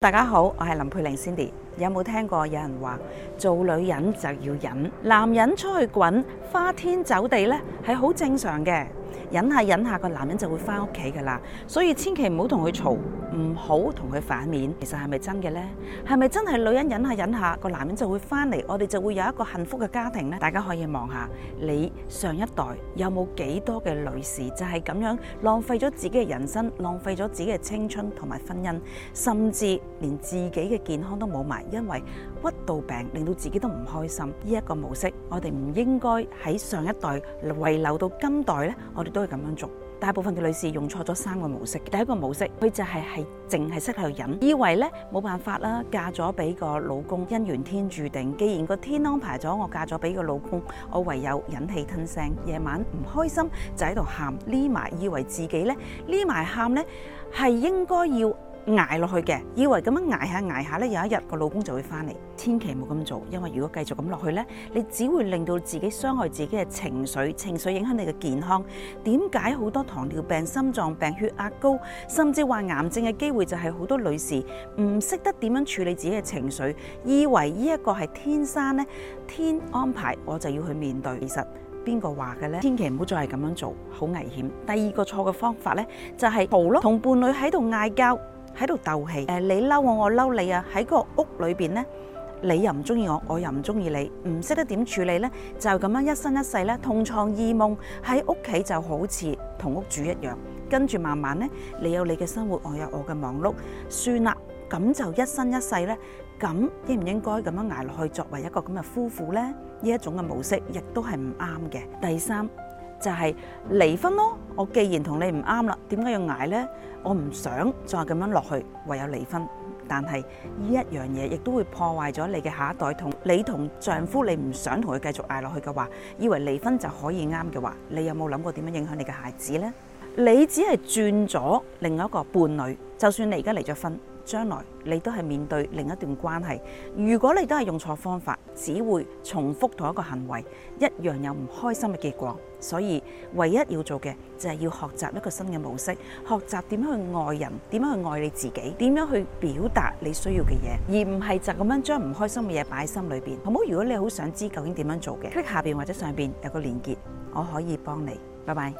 大家好，我係林佩玲 Cindy。有冇聽過有人話做女人就要忍，男人出去滾花天酒地呢，係好正常嘅。忍下忍下，個男人就會翻屋企噶啦，所以千祈唔好同佢嘈，唔好同佢反面。其實係咪真嘅咧？係咪真係女人忍下忍下，個男人就會翻嚟，我哋就會有一個幸福嘅家庭咧？大家可以望下你上一代有冇幾多嘅女士就係咁樣浪費咗自己嘅人生，浪費咗自己嘅青春同埋婚姻，甚至連自己嘅健康都冇埋，因為屈到病，令到自己都唔開心。呢一個模式，我哋唔應該喺上一代遺留到今代咧，我哋。都係咁樣做，大部分嘅女士用錯咗三個模式。第一個模式，佢就係係淨係識喺度忍，以為呢，冇辦法啦，嫁咗俾個老公，姻緣天注定。既然個天安排咗我嫁咗俾個老公，我唯有忍氣吞聲。夜晚唔開心就喺度喊，匿埋以為自己呢，匿埋喊呢，係應該要捱落去嘅，以為咁樣捱下捱下咧，有一日個老公就會翻嚟。千祈唔好咁做，因為如果繼續咁落去呢，你只會令到自己傷害自己嘅情緒，情緒影響你嘅健康。點解好多糖尿病、心臟病、血壓高，甚至話癌症嘅機會就係好多女士唔識得點樣處理自己嘅情緒，以為呢一個係天生呢天安排，我就要去面對。其實邊個話嘅呢？千祈唔好再係咁樣做，好危險。第二個錯嘅方法呢，就係嘈咯，同伴侶喺度嗌交。喺度鬥氣，誒，你嬲我，我嬲你啊！喺個屋裏邊呢，你又唔中意我，我又唔中意你，唔識得點處理呢，就咁樣一生一世呢，同床異夢，喺屋企就好似同屋主一樣，跟住慢慢呢，你有你嘅生活，我有我嘅忙碌，算啦，咁就一生一世呢。咁應唔應該咁樣挨落去，作為一個咁嘅夫婦呢，呢一種嘅模式亦都係唔啱嘅。第三。就係離婚咯！我既然同你唔啱啦，點解要捱呢？我唔想再咁樣落去，唯有離婚。但係呢一樣嘢，亦都會破壞咗你嘅下一代。同你同丈夫，你唔想同佢繼續捱落去嘅話，以為離婚就可以啱嘅話，你有冇諗過點樣影響你嘅孩子呢？你只係轉咗另外一個伴侶，就算你而家離咗婚。將來你都係面對另一段關係，如果你都係用錯方法，只會重複同一個行為，一樣有唔開心嘅結果。所以唯一要做嘅就係要學習一個新嘅模式，學習點樣去愛人，點樣去愛你自己，點樣去表達你需要嘅嘢，而唔係就咁樣將唔開心嘅嘢擺喺心裏邊。好唔好？如果你好想知究竟點樣做嘅，click 下邊或者上邊有個連結，我可以幫你。拜拜。